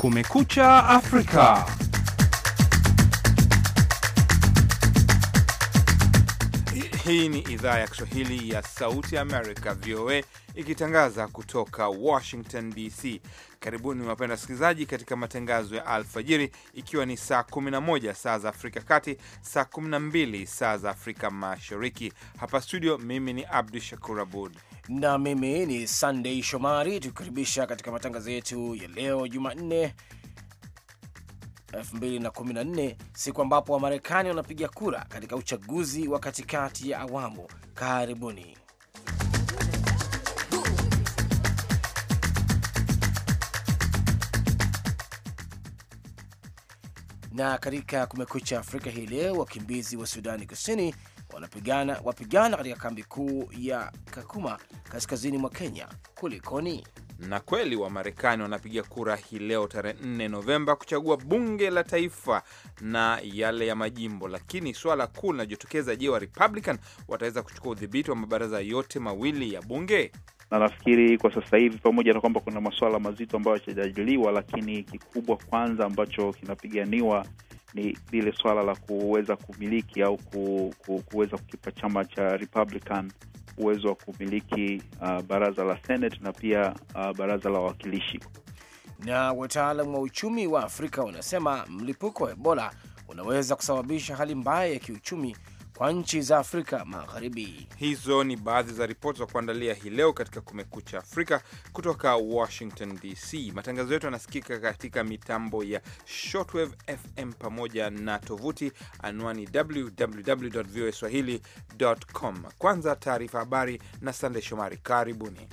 Kumekucha Afrika. Hii ni idhaa ya Kiswahili ya Sauti Amerika, VOA, ikitangaza kutoka Washington DC. Karibuni wapenda wasikilizaji katika matangazo ya alfajiri, ikiwa ni saa 11 saa za Afrika Kati, saa 12 saa za Afrika Mashariki. Hapa studio, mimi ni Abdu Shakur Abud na mimi ni Sunday Shomari, tukikaribisha katika matangazo yetu ya leo Jumanne 2014 siku ambapo Wamarekani wanapiga kura katika uchaguzi wa katikati ya awamu. Karibuni. Na katika Kumekucha Afrika hii leo, wakimbizi wa Sudani Kusini wanapigana wapigana katika kambi kuu ya Kakuma kaskazini mwa Kenya. Kulikoni? Na kweli Wamarekani wanapiga kura hii leo tarehe 4 Novemba kuchagua bunge la taifa na yale ya majimbo, lakini swala kuu linajitokeza, je, wa Republican wataweza kuchukua udhibiti wa mabaraza yote mawili ya bunge? na nafikiri kwa sasa hivi, pamoja na kwamba kuna masuala mazito ambayo yachajadiliwa lakini kikubwa kwanza ambacho kinapiganiwa ni lile swala la kuweza kumiliki au ku, ku, kuweza kukipa chama cha Republican uwezo wa kumiliki uh, baraza la Senate na pia uh, baraza la wawakilishi. Na wataalam wa uchumi wa Afrika wanasema mlipuko wa Ebola unaweza kusababisha hali mbaya ya kiuchumi kwa nchi za Afrika Magharibi. Hizo ni baadhi za ripoti za kuandalia hii leo katika Kumekucha Afrika kutoka Washington DC. Matangazo yetu yanasikika katika mitambo ya shortwave FM pamoja na tovuti anwani www voa swahili com. Kwanza taarifa habari na sandey Shomari, karibuni.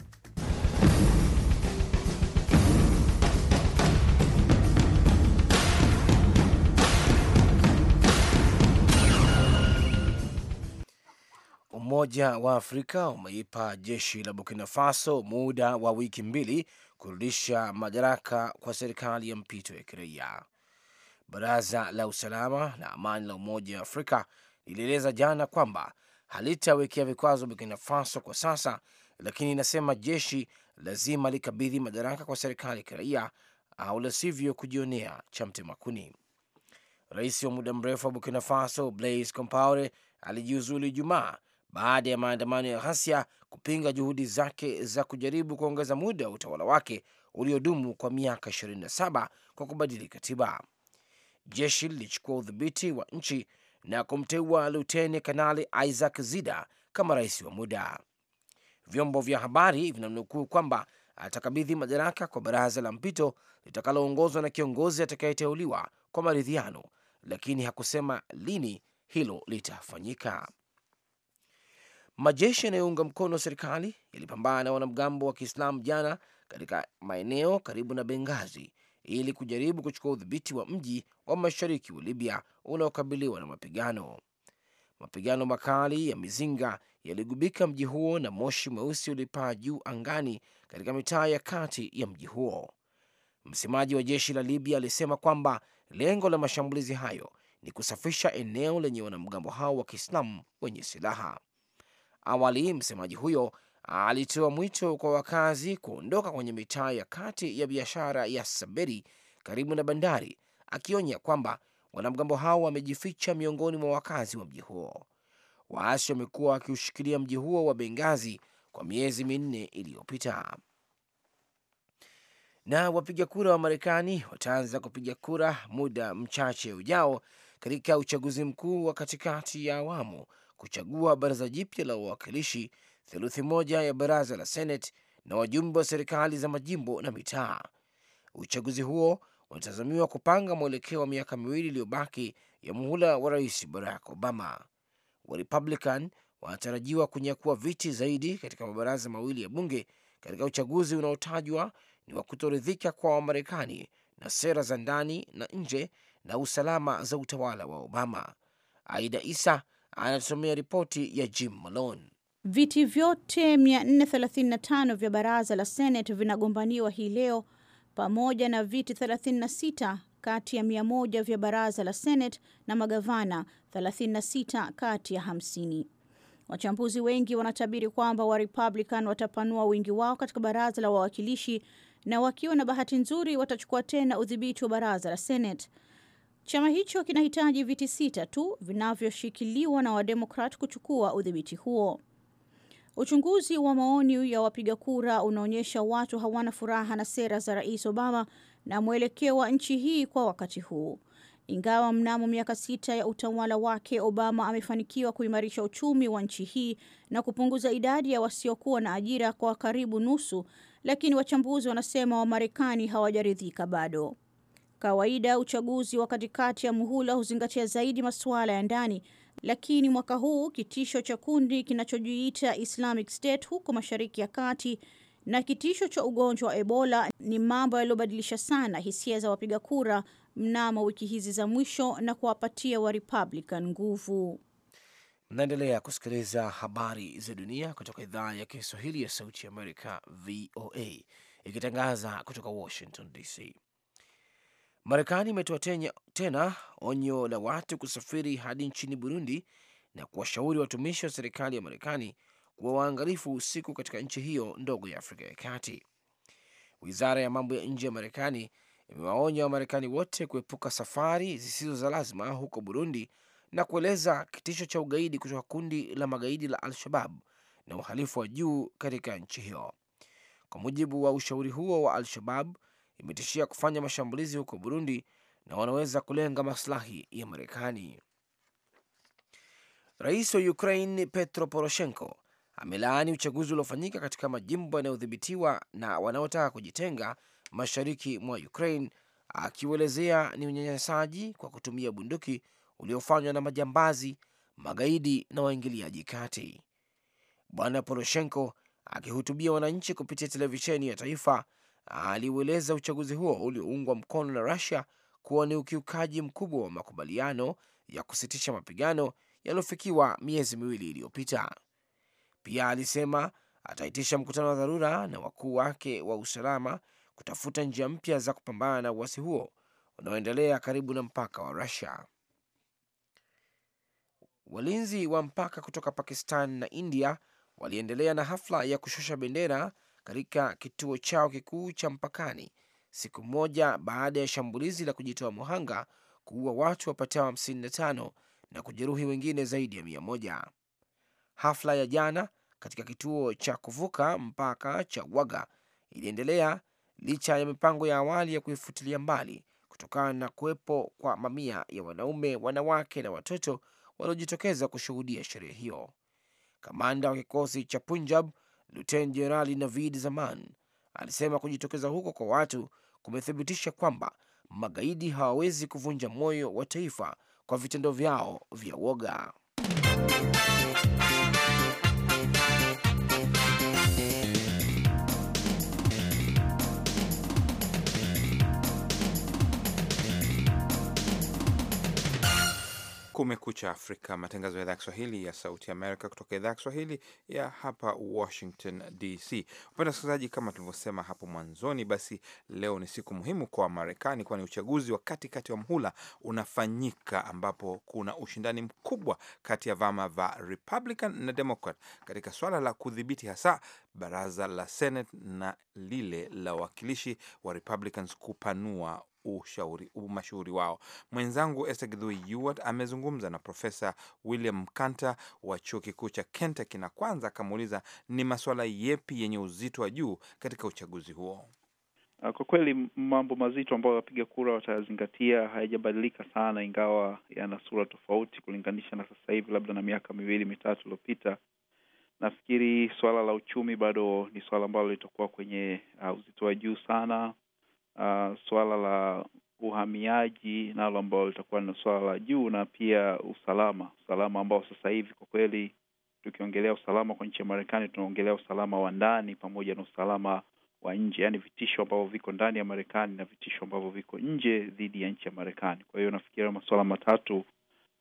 Umoja wa Afrika umeipa jeshi la Burkina Faso muda wa wiki mbili kurudisha madaraka kwa serikali ya mpito ya kiraia. Baraza la Usalama na Amani la Umoja wa Afrika lilieleza jana kwamba halitawekea vikwazo Burkina Faso kwa sasa, lakini inasema jeshi lazima likabidhi madaraka kwa serikali ya kiraia au la sivyo kujionea cha mtemakuni. Rais wa muda mrefu wa Burkina Faso Blaise Compaore alijiuzulu Ijumaa baada ya maandamano ya ghasia kupinga juhudi zake za kujaribu kuongeza muda wa utawala wake uliodumu kwa miaka 27 kwa kubadili katiba. Jeshi lilichukua udhibiti wa nchi na kumteua luteni kanali Isaac Zida kama rais wa muda. Vyombo vya habari vinamnukuu kwamba atakabidhi madaraka kwa baraza la mpito litakaloongozwa na kiongozi atakayeteuliwa kwa maridhiano, lakini hakusema lini hilo litafanyika. Majeshi yanayounga mkono serikali yalipambana na wanamgambo wa Kiislamu jana katika maeneo karibu na Bengazi ili kujaribu kuchukua udhibiti wa mji wa mashariki wa Libya unaokabiliwa na mapigano. Mapigano makali ya mizinga yaligubika mji huo na moshi mweusi ulipaa juu angani katika mitaa ya kati ya mji huo. Msemaji wa jeshi la Libya alisema kwamba lengo la mashambulizi hayo ni kusafisha eneo lenye wanamgambo hao wa Kiislamu wenye silaha. Awali msemaji huyo alitoa mwito kwa wakazi kuondoka kwenye mitaa ya kati ya biashara ya Saberi karibu na bandari, akionya kwamba wanamgambo hao wamejificha miongoni mwa wakazi wa mji huo. Waasi wamekuwa wakiushikilia mji huo wa Bengazi kwa miezi minne iliyopita. Na wapiga kura wa Marekani wataanza kupiga kura muda mchache ujao katika uchaguzi mkuu wa katikati ya awamu kuchagua baraza jipya la wawakilishi, theluthi moja ya baraza la Senate na wajumbe wa serikali za majimbo na mitaa. Uchaguzi huo unatazamiwa kupanga mwelekeo wa miaka miwili iliyobaki ya muhula wa rais Barack Obama. Warepublican wanatarajiwa kunyakua viti zaidi katika mabaraza mawili ya bunge katika uchaguzi unaotajwa ni wa kutoridhika kwa Wamarekani na sera za ndani na nje na usalama za utawala wa Obama. Aida Isa anatusomea ripoti ya Jim Malone. Viti vyote 435 vya baraza la Senate vinagombaniwa hii leo pamoja na viti 36 kati ya 100 vya baraza la Senate na magavana 36 kati ya 50. Wachambuzi wengi wanatabiri kwamba wa Republican watapanua wingi wao katika baraza la wawakilishi na wakiwa na bahati nzuri watachukua tena udhibiti wa baraza la Senate. Chama hicho kinahitaji viti sita tu vinavyoshikiliwa na Wademokrat kuchukua udhibiti huo. Uchunguzi wa maoni ya wapiga kura unaonyesha watu hawana furaha na sera za Rais Obama na mwelekeo wa nchi hii kwa wakati huu. Ingawa mnamo miaka sita ya utawala wake Obama amefanikiwa kuimarisha uchumi wa nchi hii na kupunguza idadi ya wasiokuwa na ajira kwa karibu nusu, lakini wachambuzi wanasema Wamarekani hawajaridhika bado. Kawaida uchaguzi wa katikati ya muhula huzingatia zaidi masuala ya ndani, lakini mwaka huu kitisho cha kundi kinachojiita Islamic State huko Mashariki ya Kati na kitisho cha ugonjwa wa Ebola ni mambo yaliyobadilisha sana hisia za wapiga kura mnamo wiki hizi za mwisho na kuwapatia wa Republican nguvu. Mnaendelea kusikiliza habari za dunia kutoka idhaa ya Kiswahili ya Sauti ya Amerika, VOA, ikitangaza kutoka Washington DC. Marekani imetoa tena onyo la watu kusafiri hadi nchini Burundi na kuwashauri watumishi wa serikali ya Marekani kuwa waangalifu usiku katika nchi hiyo ndogo ya Afrika ya Kati. Wizara ya mambo ya nje ya Marekani imewaonya Wamarekani wote kuepuka safari zisizo za lazima huko Burundi na kueleza kitisho cha ugaidi kutoka kundi la magaidi la Al-Shabab na uhalifu wa juu katika nchi hiyo. Kwa mujibu wa ushauri huo wa Al-Shabab, imetishia kufanya mashambulizi huko Burundi na wanaweza kulenga maslahi ya Marekani. Rais wa Ukraine Petro Poroshenko amelaani uchaguzi uliofanyika katika majimbo yanayodhibitiwa na wanaotaka kujitenga mashariki mwa Ukraine, akiuelezea ni unyanyasaji kwa kutumia bunduki uliofanywa na majambazi, magaidi na waingiliaji kati. Bwana Poroshenko akihutubia wananchi kupitia televisheni ya taifa aliueleza uchaguzi huo ulioungwa mkono na Rusia kuwa ni ukiukaji mkubwa wa makubaliano ya kusitisha mapigano yaliyofikiwa miezi miwili iliyopita. Pia alisema ataitisha mkutano wa dharura na wakuu wake wa usalama kutafuta njia mpya za kupambana na uasi huo unaoendelea karibu na mpaka wa Rusia. Walinzi wa mpaka kutoka Pakistan na India waliendelea na hafla ya kushusha bendera katika kituo chao kikuu cha mpakani siku moja baada ya shambulizi la kujitoa muhanga kuua watu wapatao 55 na kujeruhi wengine zaidi ya mia moja. Hafla ya jana katika kituo cha kuvuka mpaka cha Waga iliendelea licha ya mipango ya awali ya kuifutilia mbali kutokana na kuwepo kwa mamia ya wanaume, wanawake na watoto waliojitokeza kushuhudia sherehe hiyo. Kamanda wa kikosi cha Punjab Luteni Jenerali Navid Zaman alisema kujitokeza huko kwa watu kumethibitisha kwamba magaidi hawawezi kuvunja moyo wa taifa kwa vitendo vyao vya woga. Kumekucha Afrika, matangazo ya idhaa ya Kiswahili ya Sauti Amerika kutoka idhaa ya Kiswahili ya hapa Washington DC. Upenda wasikilizaji, kama tulivyosema hapo mwanzoni, basi leo ni siku muhimu kwa Marekani, kwani uchaguzi wa katikati wa mhula unafanyika, ambapo kuna ushindani mkubwa kati ya vyama vya Republican na Democrat katika swala la kudhibiti hasa baraza la Senate na lile la wawakilishi wa Republicans kupanua ushauri, umashuhuri wao. Mwenzangu Esther amezungumza na Profesa William Kanta wa chuo kikuu cha Kentucky na kwanza akamuuliza ni masuala yepi yenye uzito wa juu katika uchaguzi huo. Ah, kwa kweli mambo mazito ambayo wapiga kura watayazingatia hayajabadilika sana, ingawa yana sura tofauti kulinganisha na sasa hivi, labda na miaka miwili mitatu iliyopita. Nafikiri suala la uchumi bado ni suala ambalo litakuwa kwenye uh, uzito wa juu sana uh, suala la uhamiaji nalo ambalo litakuwa ni suala la juu, na pia usalama, usalama ambao sasa hivi kwa kweli tukiongelea usalama kwa nchi ya Marekani tunaongelea usalama wa ndani pamoja na usalama wa nje, yaani vitisho ambavyo viko ndani ya Marekani na vitisho ambavyo viko nje dhidi ya nchi ya Marekani. Kwa hiyo nafikiria masuala matatu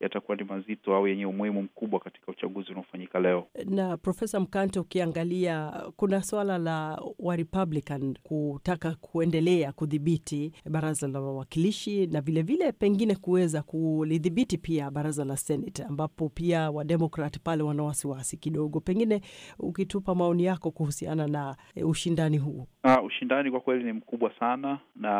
yatakuwa ni mazito au yenye umuhimu mkubwa katika uchaguzi unaofanyika leo. Na Profesa Mkante, ukiangalia kuna swala la wa Republican kutaka kuendelea kudhibiti baraza la wawakilishi na vilevile vile pengine kuweza kulidhibiti pia baraza la Senate, ambapo pia Wademokrat pale wana wasiwasi kidogo. Pengine ukitupa maoni yako kuhusiana na eh, ushindani huu. Uh, ushindani kwa kweli ni mkubwa sana na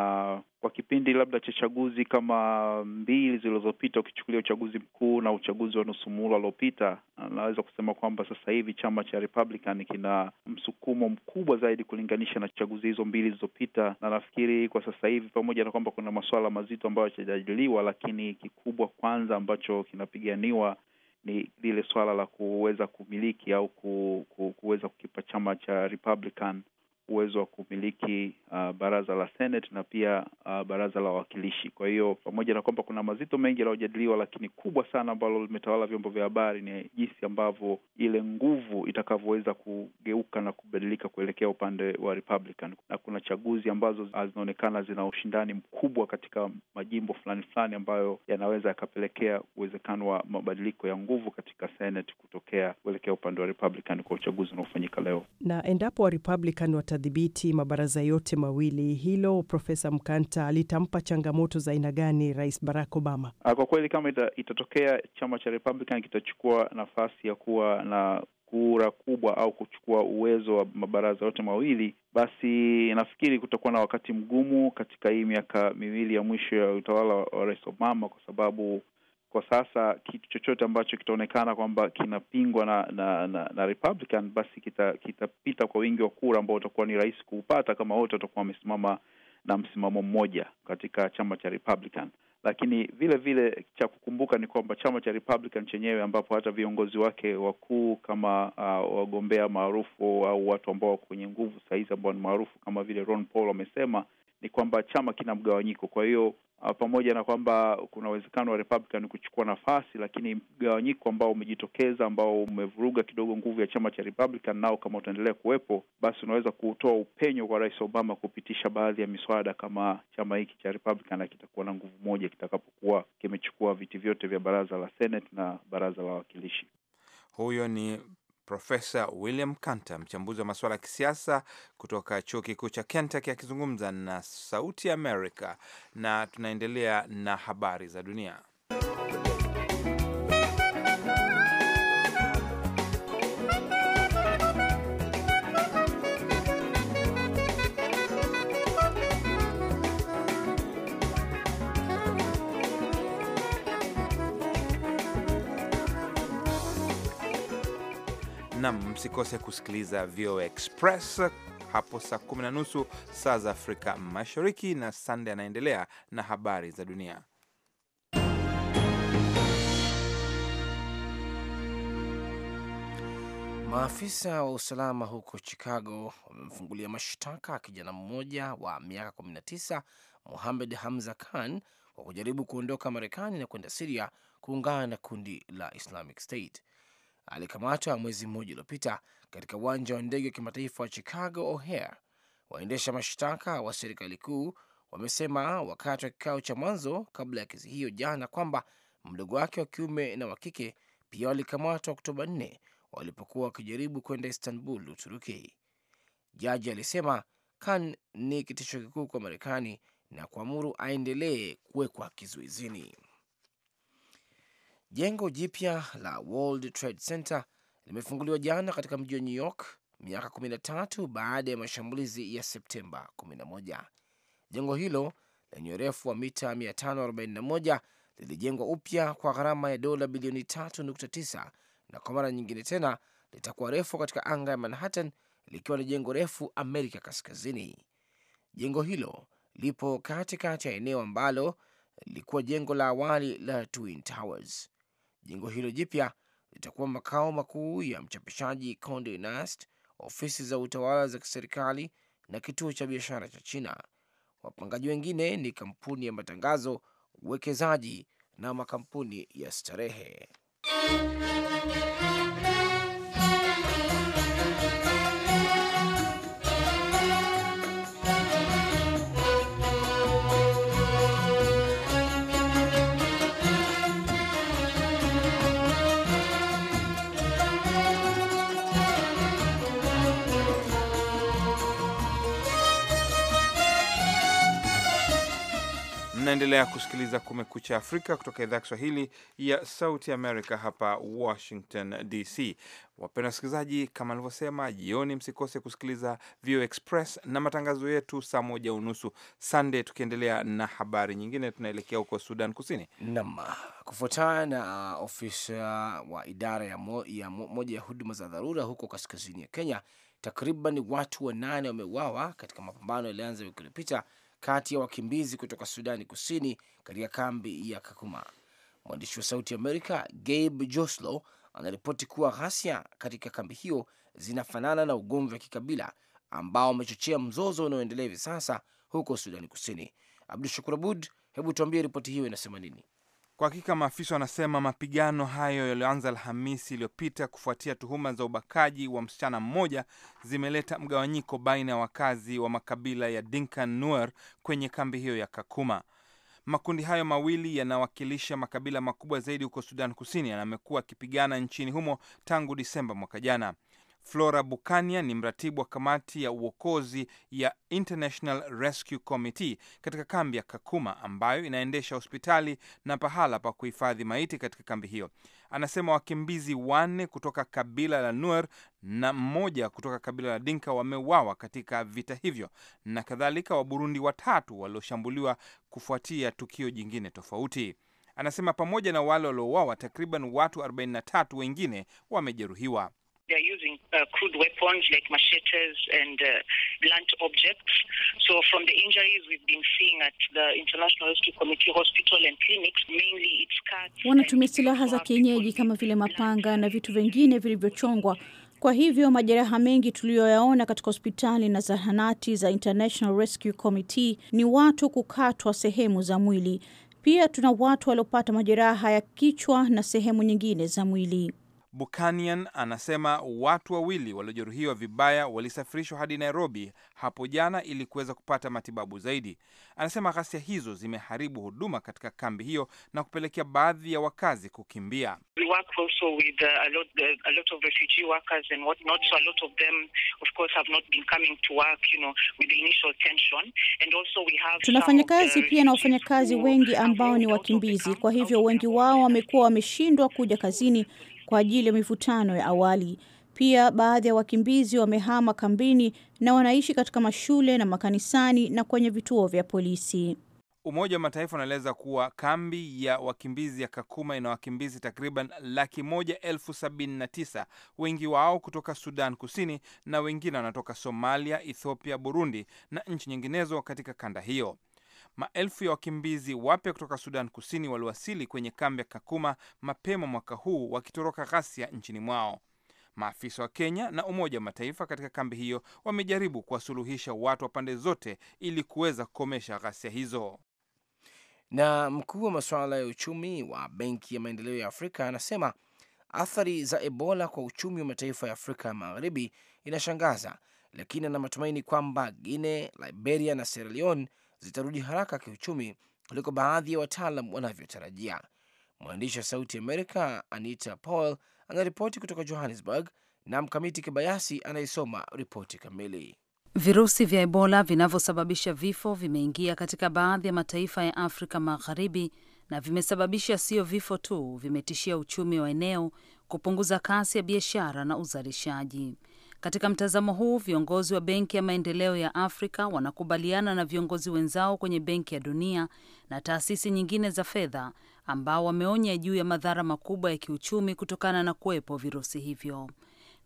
kwa kipindi labda cha chaguzi kama mbili zilizopita, ukichukulia uchaguzi mkuu na uchaguzi wa nusu muhula uliopita, naweza kusema kwamba sasa hivi chama cha Republican kina msukumo mkubwa zaidi kulinganisha na chaguzi hizo mbili zilizopita, na nafikiri kwa sasa hivi, pamoja na kwamba kuna masuala mazito ambayo yajajadiliwa, lakini kikubwa kwanza ambacho kinapiganiwa ni lile swala la kuweza kumiliki au ku, ku, kuweza kukipa chama cha Republican uwezo wa kumiliki uh, baraza la Senate na pia uh, baraza la wawakilishi. Kwa hiyo pamoja na kwamba kuna mazito mengi yanayojadiliwa, lakini kubwa sana ambalo limetawala vyombo vya habari ni jinsi ambavyo ile nguvu itakavyoweza kugeuka na kubadilika kuelekea upande wa Republican, na kuna chaguzi ambazo zinaonekana zina ushindani mkubwa katika majimbo fulani fulani ambayo yanaweza yakapelekea uwezekano wa mabadiliko ya nguvu katika Senate kutokea kuelekea upande wa Republican kwa uchaguzi unaofanyika leo, na endapo wa Republican wata atadhibiti mabaraza yote mawili, hilo Profesa Mkanta litampa changamoto za aina gani Rais Barack Obama? Ah, kwa kweli, kama ita, itatokea chama cha Republican kitachukua nafasi ya kuwa na kura kubwa au kuchukua uwezo wa mabaraza yote mawili, basi nafikiri kutakuwa na wakati mgumu katika hii miaka miwili ya mwisho ya utawala wa Rais Obama, kwa sababu kwa sasa kitu chochote ambacho kitaonekana kwamba kinapingwa na na, na, na Republican basi kitapita kita kwa wingi wa kura ambao utakuwa ni rahisi kuupata kama wote watakuwa wamesimama na msimamo mmoja katika chama cha Republican. Lakini vile vile cha kukumbuka ni kwamba chama cha Republican chenyewe ambapo hata viongozi wake wakuu kama uh, wagombea maarufu au uh, watu ambao kwenye nguvu sahizi ambao ni maarufu kama vile Ron Paul wamesema ni kwamba chama kina mgawanyiko. Kwa hiyo uh, pamoja na kwamba kuna uwezekano wa Republican kuchukua nafasi, lakini mgawanyiko ambao umejitokeza ambao umevuruga kidogo nguvu ya chama cha Republican, nao kama utaendelea kuwepo, basi unaweza kutoa upenyo kwa Rais Obama kupitisha baadhi ya miswada kama chama hiki cha Republican kitakuwa na nguvu moja kitakapokuwa kimechukua viti vyote vya baraza la Senate na baraza la wawakilishi. Huyo ni Profesa William Kanta, mchambuzi wa masuala ya kisiasa kutoka chuo kikuu cha Kentucky, akizungumza na Sauti Amerika. Na tunaendelea na habari za dunia. Nam, msikose kusikiliza VOA Express hapo saa kumi na nusu saa za Afrika Mashariki, na Sande anaendelea na habari za dunia. Maafisa wa usalama huko Chicago wamemfungulia mashtaka kijana mmoja wa miaka 19 muhamed Hamza Khan kwa kujaribu kuondoka Marekani na kwenda Siria kuungana na kundi la Islamic State alikamatwa mwezi mmoja uliopita katika uwanja wa ndege wa kimataifa wa Chicago O'Hare. Waendesha mashtaka wa serikali kuu wamesema wakati wa kikao cha mwanzo kabla ya kesi hiyo jana kwamba mdogo wake wa kiume na wa kike pia walikamatwa Oktoba 4 walipokuwa wakijaribu kwenda Istanbul, Uturuki. Jaji alisema Khan ni kitisho kikuu kwa Marekani na kuamuru aendelee kuwekwa kizuizini. Jengo jipya la World Trade Center limefunguliwa jana katika mji wa New York miaka 13 baada ya mashambulizi ya Septemba 11. Jengo hilo lenye urefu wa mita 541 lilijengwa upya kwa gharama ya dola bilioni 3.9 na kwa mara nyingine tena litakuwa refu katika anga ya Manhattan, likiwa ni jengo refu Amerika Kaskazini. Jengo hilo lipo katikati ya eneo ambalo lilikuwa jengo la awali la Twin Towers. Jengo hilo jipya litakuwa makao makuu ya mchapishaji Conde Nast, ofisi za utawala za kiserikali na kituo cha biashara cha China. Wapangaji wengine ni kampuni ya matangazo, uwekezaji na makampuni ya starehe. Mnaendelea kusikiliza Kumekucha Afrika kutoka idhaa ya Kiswahili ya Sauti Amerika hapa Washington DC. Wapenda wasikilizaji, kama alivyosema, jioni msikose kusikiliza VOA Express na matangazo yetu saa moja unusu Sunday. Tukiendelea na habari nyingine, tunaelekea huko Sudan Kusini. Naam, kufuatana na ofisa wa idara ya, mo, ya mo, moja ya huduma za dharura huko kaskazini ya Kenya, takriban watu wanane wameuawa katika mapambano yalianza wiki iliyopita kati ya wakimbizi kutoka Sudani Kusini katika kambi ya Kakuma. Mwandishi wa Sauti Amerika Gabe Joslow anaripoti kuwa ghasia katika kambi hiyo zinafanana na ugomvi wa kikabila ambao umechochea mzozo unaoendelea hivi sasa huko Sudani Kusini. Abdu Shakur Abud, hebu tuambie ripoti hiyo inasema nini? Kwa hakika maafisa wanasema mapigano hayo yaliyoanza Alhamisi iliyopita kufuatia tuhuma za ubakaji wa msichana mmoja zimeleta mgawanyiko baina ya wakazi wa makabila ya Dinkan Nuer kwenye kambi hiyo ya Kakuma. Makundi hayo mawili yanawakilisha makabila makubwa zaidi huko Sudan Kusini na yamekuwa yakipigana nchini humo tangu Disemba mwaka jana. Flora Bukania ni mratibu wa kamati ya uokozi ya International Rescue Committee katika kambi ya Kakuma ambayo inaendesha hospitali na pahala pa kuhifadhi maiti katika kambi hiyo. Anasema wakimbizi wanne kutoka kabila la Nuer na mmoja kutoka kabila la Dinka wameuawa katika vita hivyo na kadhalika, Waburundi watatu walioshambuliwa kufuatia tukio jingine tofauti. Anasema pamoja na wale waliouawa, takriban watu 43 wengine wamejeruhiwa using uh, crude weapons like machetes and uh, blunt objects. So, from the injuries we've been seeing at the International Rescue Committee Hospital and clinics, mainly it's cuts. Wanatumia silaha za kienyeji kama vile mapanga na vitu vingine vilivyochongwa. Kwa hivyo majeraha mengi tuliyoyaona katika hospitali na zahanati za International Rescue Committee ni watu kukatwa sehemu za mwili. Pia tuna watu waliopata majeraha ya kichwa na sehemu nyingine za mwili. Bukanian anasema watu wawili waliojeruhiwa vibaya walisafirishwa hadi Nairobi hapo jana ili kuweza kupata matibabu zaidi. Anasema ghasia hizo zimeharibu huduma katika kambi hiyo na kupelekea baadhi ya wakazi kukimbia. Tunafanya kazi uh, pia na wafanyakazi wengi ambao ni wakimbizi, kwa hivyo wengi wao wamekuwa wameshindwa kuja kazini kwa ajili ya mivutano ya awali. Pia baadhi ya wakimbizi wamehama kambini na wanaishi katika mashule na makanisani na kwenye vituo vya polisi. Umoja wa Mataifa unaeleza kuwa kambi ya wakimbizi ya Kakuma ina wakimbizi takriban laki moja elfu sabini na tisa, wengi wao kutoka Sudan Kusini na wengine wanatoka Somalia, Ethiopia, Burundi na nchi nyinginezo katika kanda hiyo. Maelfu ya wakimbizi wapya kutoka Sudan Kusini waliwasili kwenye kambi ya Kakuma mapema mwaka huu wakitoroka ghasia nchini mwao. Maafisa wa Kenya na Umoja wa Mataifa katika kambi hiyo wamejaribu kuwasuluhisha watu wa pande zote ili kuweza kukomesha ghasia hizo. Na mkuu wa masuala ya uchumi wa Benki ya Maendeleo ya Afrika anasema athari za Ebola kwa uchumi wa mataifa ya Afrika ya Magharibi inashangaza, lakini ana matumaini kwamba Guinea, Liberia na Sierra Leone zitarudi haraka kiuchumi kuliko baadhi ya wataalam wanavyotarajia. Mwandishi wa Sauti Amerika Anita Powell anaripoti kutoka Johannesburg na Mkamiti Kibayasi anayesoma ripoti kamili. Virusi vya Ebola vinavyosababisha vifo vimeingia katika baadhi ya mataifa ya Afrika Magharibi na vimesababisha sio vifo tu, vimetishia uchumi wa eneo, kupunguza kasi ya biashara na uzalishaji. Katika mtazamo huu, viongozi wa Benki ya Maendeleo ya Afrika wanakubaliana na viongozi wenzao kwenye Benki ya Dunia na taasisi nyingine za fedha ambao wameonya juu ya madhara makubwa ya kiuchumi kutokana na kuwepo virusi hivyo.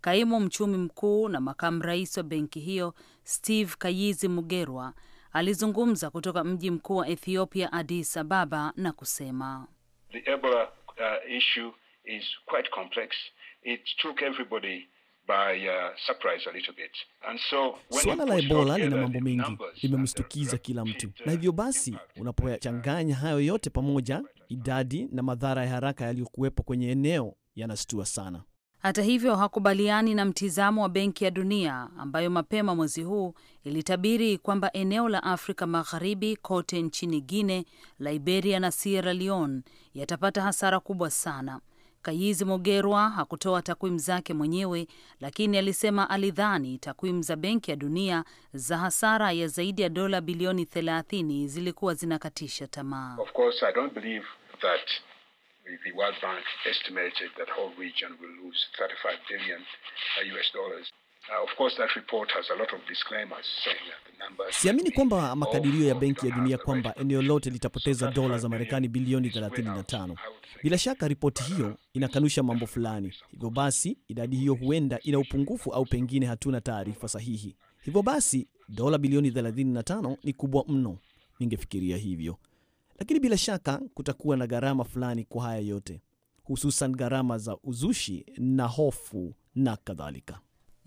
Kaimu mchumi mkuu na makamu rais wa benki hiyo Steve Kayizi Mugerwa alizungumza kutoka mji mkuu wa Ethiopia, Addis Ababa, na kusema The Ebola, uh, issue is quite complex. It took everybody Uh, Suala la Ebola lina mambo mengi, limemshtukiza kila mtu, na hivyo basi unapochanganya hayo yote pamoja, idadi na madhara ya haraka yaliyokuwepo kwenye eneo yanastua sana. Hata hivyo hakubaliani na mtizamo wa Benki ya Dunia ambayo mapema mwezi huu ilitabiri kwamba eneo la Afrika Magharibi kote nchini Guinea, Liberia na Sierra Leone yatapata hasara kubwa sana Kayizi Mogerwa hakutoa takwimu zake mwenyewe, lakini alisema alidhani takwimu za Benki ya Dunia za hasara ya zaidi ya dola bilioni 30 zilikuwa zinakatisha tamaa. Uh, Siamini kwamba makadirio ya Benki ya Dunia kwamba eneo lote litapoteza dola za Marekani bilioni 35. Bila shaka ripoti hiyo uh, inakanusha mambo fulani, hivyo basi idadi hiyo huenda ina upungufu au pengine hatuna taarifa sahihi. Hivyo basi dola bilioni 35 ni kubwa mno, ningefikiria hivyo, lakini bila shaka kutakuwa na gharama fulani kwa haya yote, hususan gharama za uzushi na hofu na kadhalika.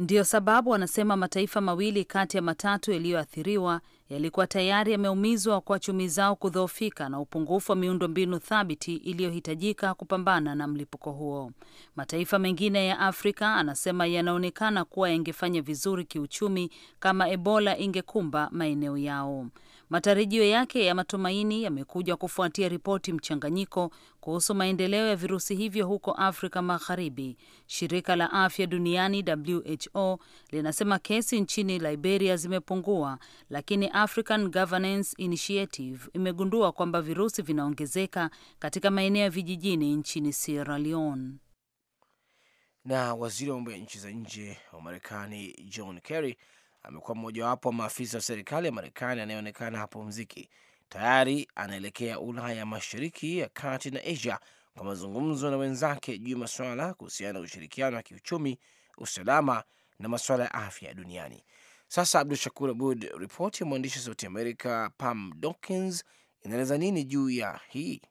Ndiyo sababu wanasema mataifa mawili kati ya matatu yaliyoathiriwa yalikuwa tayari yameumizwa kwa chumi zao kudhoofika na upungufu wa miundombinu thabiti iliyohitajika kupambana na mlipuko huo. Mataifa mengine ya Afrika anasema yanaonekana kuwa yangefanya vizuri kiuchumi kama Ebola ingekumba maeneo yao. Matarajio yake ya matumaini yamekuja kufuatia ripoti mchanganyiko kuhusu maendeleo ya virusi hivyo huko Afrika Magharibi. Shirika la Afya Duniani WHO linasema kesi nchini Liberia zimepungua, lakini African Governance Initiative imegundua kwamba virusi vinaongezeka katika maeneo ya vijijini nchini Sierra Leone. Na waziri wa mambo ya nchi za nje wa Marekani John Kerry amekuwa mmojawapo wa maafisa wa serikali ya Marekani anayeonekana hapumziki. Tayari anaelekea Ulaya Mashariki ya Kati na Asia kwa mazungumzo na wenzake juu ya masuala kuhusiana na ushirikiano wa kiuchumi, usalama na masuala ya afya duniani. Sasa Abdu Shakur Abud, ripoti ya mwandishi wa Sauti Amerika Pam Dawkins inaeleza nini juu ya hii?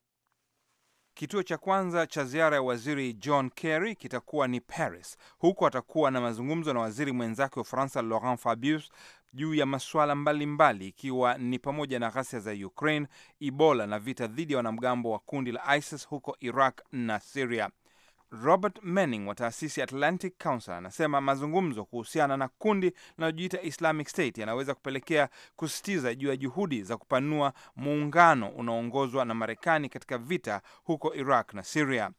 Kituo cha kwanza cha ziara ya waziri John Kerry kitakuwa ni Paris. Huko atakuwa na mazungumzo na waziri mwenzake wa Ufaransa Laurent Fabius juu ya masuala mbalimbali, ikiwa ni pamoja na ghasia za Ukraine, Ebola na vita dhidi ya wanamgambo wa kundi la ISIS huko Iraq na Siria. Robert Manning wa taasisi Atlantic Council anasema mazungumzo kuhusiana na kundi linalojiita Islamic State yanaweza kupelekea kusisitiza juu ya juhudi za kupanua muungano unaoongozwa na Marekani katika vita huko Iraq na Siria.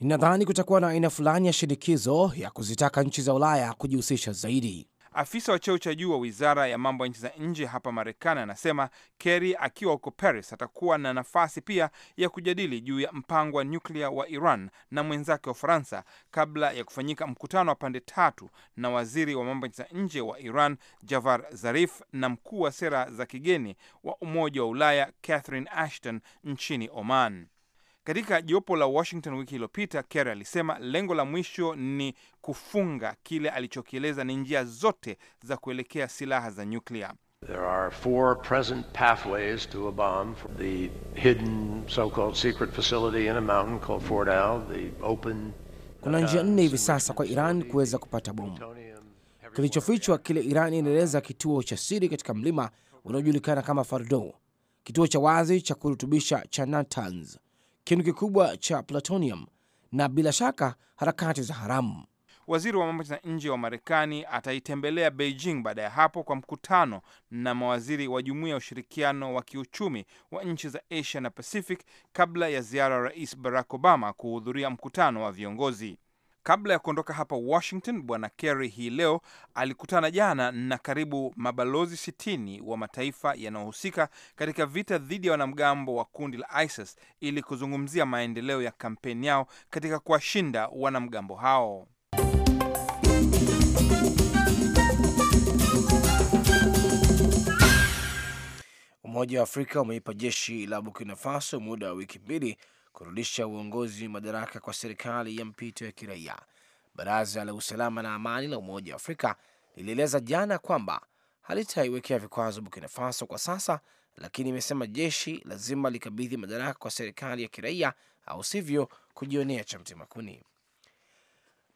Ninadhani kutakuwa na aina fulani ya shinikizo ya kuzitaka nchi za Ulaya kujihusisha zaidi. Afisa wa cheo cha juu wa wizara ya mambo ya nchi za nje hapa Marekani anasema Kerry akiwa huko Paris atakuwa na nafasi pia ya kujadili juu ya mpango wa nyuklia wa Iran na mwenzake wa Ufaransa kabla ya kufanyika mkutano wa pande tatu na waziri wa mambo ya nchi za nje wa Iran Javad Zarif na mkuu wa sera za kigeni wa Umoja wa Ulaya Catherine Ashton nchini Oman. Katika jopo la Washington wiki iliyopita, Kerry alisema lengo la mwisho ni kufunga kile alichokieleza ni njia zote za kuelekea silaha za nyuklia. There are four present pathways to a bomb. The hidden so-called secret facility in a mountain called Fort Al, the open... Kuna njia nne hivi sasa kwa Iran kuweza kupata bomu. Kilichofichwa kile Iran inaeleza kituo cha siri katika mlima unaojulikana kama Fardo, kituo cha wazi cha kurutubisha cha Natanz, kinu kikubwa cha plutonium na bila shaka harakati za haramu. Waziri wa mambo ya nje wa Marekani ataitembelea Beijing baada ya hapo kwa mkutano na mawaziri wa jumuiya ya ushirikiano wa kiuchumi wa nchi za Asia na Pacific kabla ya ziara ya Rais Barack Obama kuhudhuria mkutano wa viongozi. Kabla ya kuondoka hapa Washington, Bwana Kerry hii leo alikutana jana na karibu mabalozi sitini wa mataifa yanayohusika katika vita dhidi ya wanamgambo wa kundi la ISIS ili kuzungumzia maendeleo ya kampeni yao katika kuwashinda wanamgambo hao. Umoja wa Afrika umeipa jeshi la Burkina Faso muda wa wiki mbili kurudisha uongozi madaraka kwa serikali ya mpito ya kiraia. Baraza la usalama na amani la Umoja wa Afrika lilieleza jana kwamba halitaiwekea vikwazo Burkina Faso kwa sasa, lakini imesema jeshi lazima likabidhi madaraka kwa serikali ya kiraia, au sivyo kujionea cha mtemakuni.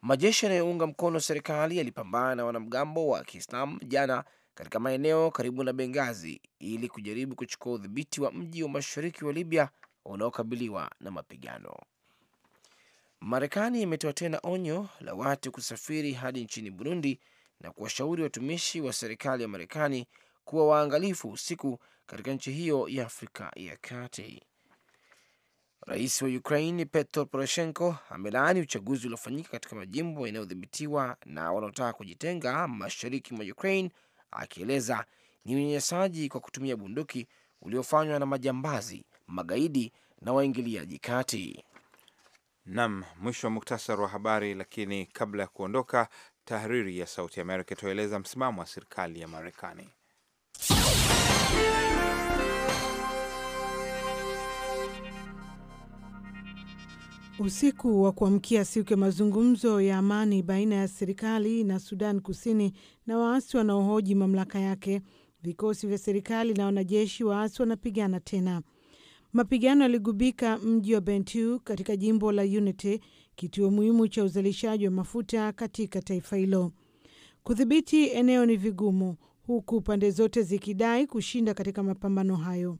Majeshi yanayounga mkono serikali yalipambana na wanamgambo wa Kiislamu jana katika maeneo karibu na Bengazi ili kujaribu kuchukua udhibiti wa mji wa mashariki wa Libya unaokabiliwa na mapigano. Marekani imetoa tena onyo la watu kusafiri hadi nchini Burundi na kuwashauri watumishi wa serikali ya Marekani kuwa waangalifu usiku katika nchi hiyo ya Afrika ya Kati. Rais wa ukrain Petro Poroshenko amelaani uchaguzi uliofanyika katika majimbo yanayodhibitiwa na wanaotaka kujitenga mashariki mwa Ukraine, akieleza ni unyanyasaji kwa kutumia bunduki uliofanywa na majambazi magaidi na waingiliaji kati. Nam, mwisho wa muktasar wa habari. Lakini kabla ya kuondoka, tahariri ya Sauti ya Amerika itaeleza msimamo wa serikali ya Marekani. Usiku wa kuamkia siku ya mazungumzo ya amani baina ya serikali na Sudan Kusini na waasi wanaohoji mamlaka yake, vikosi vya serikali na wanajeshi waasi wanapigana tena. Mapigano yaligubika mji wa Bentiu katika jimbo la Unity, kituo muhimu cha uzalishaji wa mafuta katika taifa hilo. Kudhibiti eneo ni vigumu, huku pande zote zikidai kushinda katika mapambano hayo.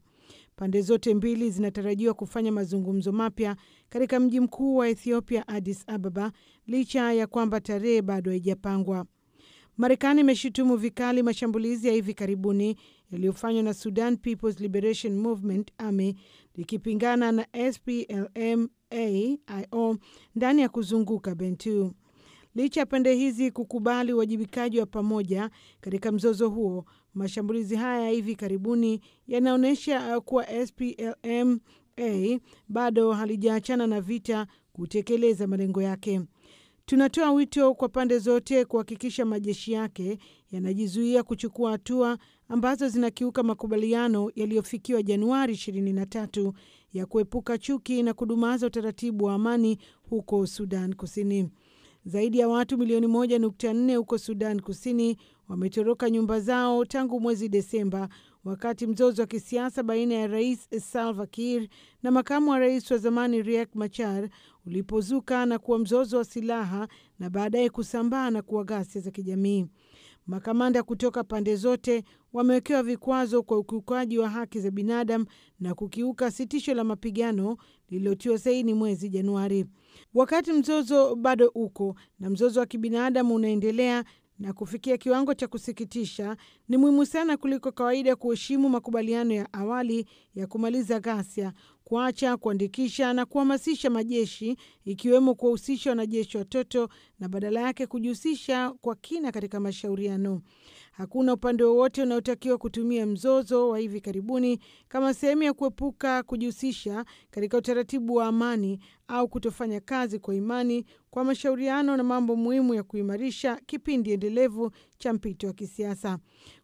Pande zote mbili zinatarajiwa kufanya mazungumzo mapya katika mji mkuu wa Ethiopia, Addis Ababa, licha ya kwamba tarehe bado haijapangwa. Marekani imeshutumu vikali mashambulizi ya hivi karibuni yaliyofanywa na Sudan People's Liberation Movement, AMI, likipingana na SPLM-AIO ndani ya kuzunguka Bentiu. Licha ya pande hizi kukubali uwajibikaji wa pamoja katika mzozo huo, mashambulizi haya hivi karibuni yanaonyesha kuwa SPLM-A bado halijaachana na vita kutekeleza malengo yake. Tunatoa wito kwa pande zote kuhakikisha majeshi yake yanajizuia kuchukua hatua ambazo zinakiuka makubaliano yaliyofikiwa Januari 23 ya kuepuka chuki na kudumaza utaratibu wa amani huko Sudan Kusini. Zaidi ya watu milioni 1.4 huko Sudan Kusini wametoroka nyumba zao tangu mwezi Desemba, wakati mzozo wa kisiasa baina ya Rais Salva Kiir na makamu wa rais wa zamani Riek Machar ulipozuka na kuwa mzozo wa silaha na baadaye kusambaa na kuwa ghasia za kijamii. Makamanda kutoka pande zote wamewekewa vikwazo kwa ukiukaji wa haki za binadamu na kukiuka sitisho la mapigano lililotiwa saini mwezi Januari. Wakati mzozo bado uko na mzozo wa kibinadamu unaendelea na kufikia kiwango cha kusikitisha, ni muhimu sana kuliko kawaida kuheshimu makubaliano ya awali ya kumaliza ghasia, kuacha kuandikisha na kuhamasisha majeshi, ikiwemo kuwahusisha wanajeshi watoto, na badala yake kujihusisha kwa kina katika mashauriano. Hakuna upande wowote unaotakiwa kutumia mzozo wa hivi karibuni kama sehemu ya kuepuka kujihusisha katika utaratibu wa amani au kutofanya kazi kwa imani kwa mashauriano na mambo muhimu ya kuimarisha kipindi endelevu cha mpito wa kisiasa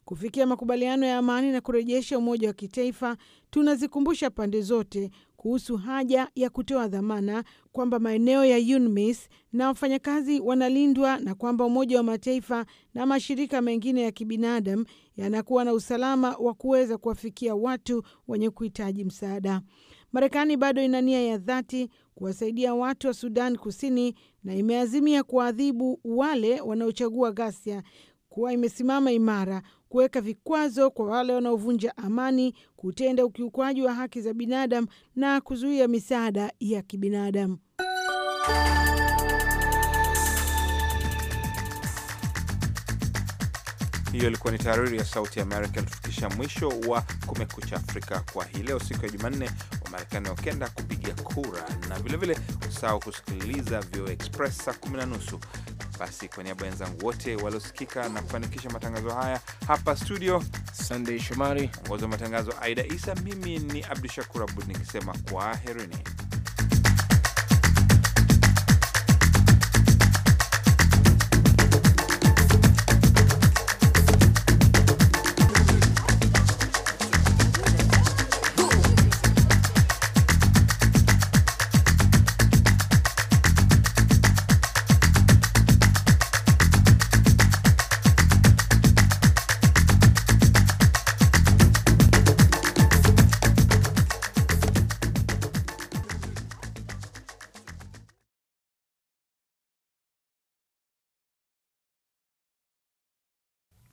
kufikia makubaliano ya amani na kurejesha umoja wa kitaifa, tunazikumbusha pande zote kuhusu haja ya kutoa dhamana kwamba maeneo ya UNMISS na wafanyakazi wanalindwa na kwamba Umoja wa Mataifa na mashirika mengine ya kibinadamu yanakuwa na usalama wa kuweza kuwafikia watu wenye kuhitaji msaada. Marekani bado ina nia ya dhati kuwasaidia watu wa Sudan Kusini na imeazimia kuwaadhibu wale wanaochagua ghasia kuwa imesimama imara kuweka vikwazo kwa wale wanaovunja amani, kutenda ukiukwaji wa haki za binadamu na kuzuia misaada ya kibinadamu. Hiyo ilikuwa ni tahariri ya Sauti ya Amerika ilitufikisha mwisho wa Kumekucha Afrika kwa hii leo, siku ya Jumanne. Wamarekani wakenda kupiga kura, na vilevile usahau kusikiliza VOA Express saa kumi na nusu. Basi kwa niaba ya wenzangu wote waliosikika na kufanikisha matangazo haya hapa studio, Sandey Shomari mwongozi wa matangazo, Aida Isa, mimi ni Abdu Shakur Abud nikisema kwaherini.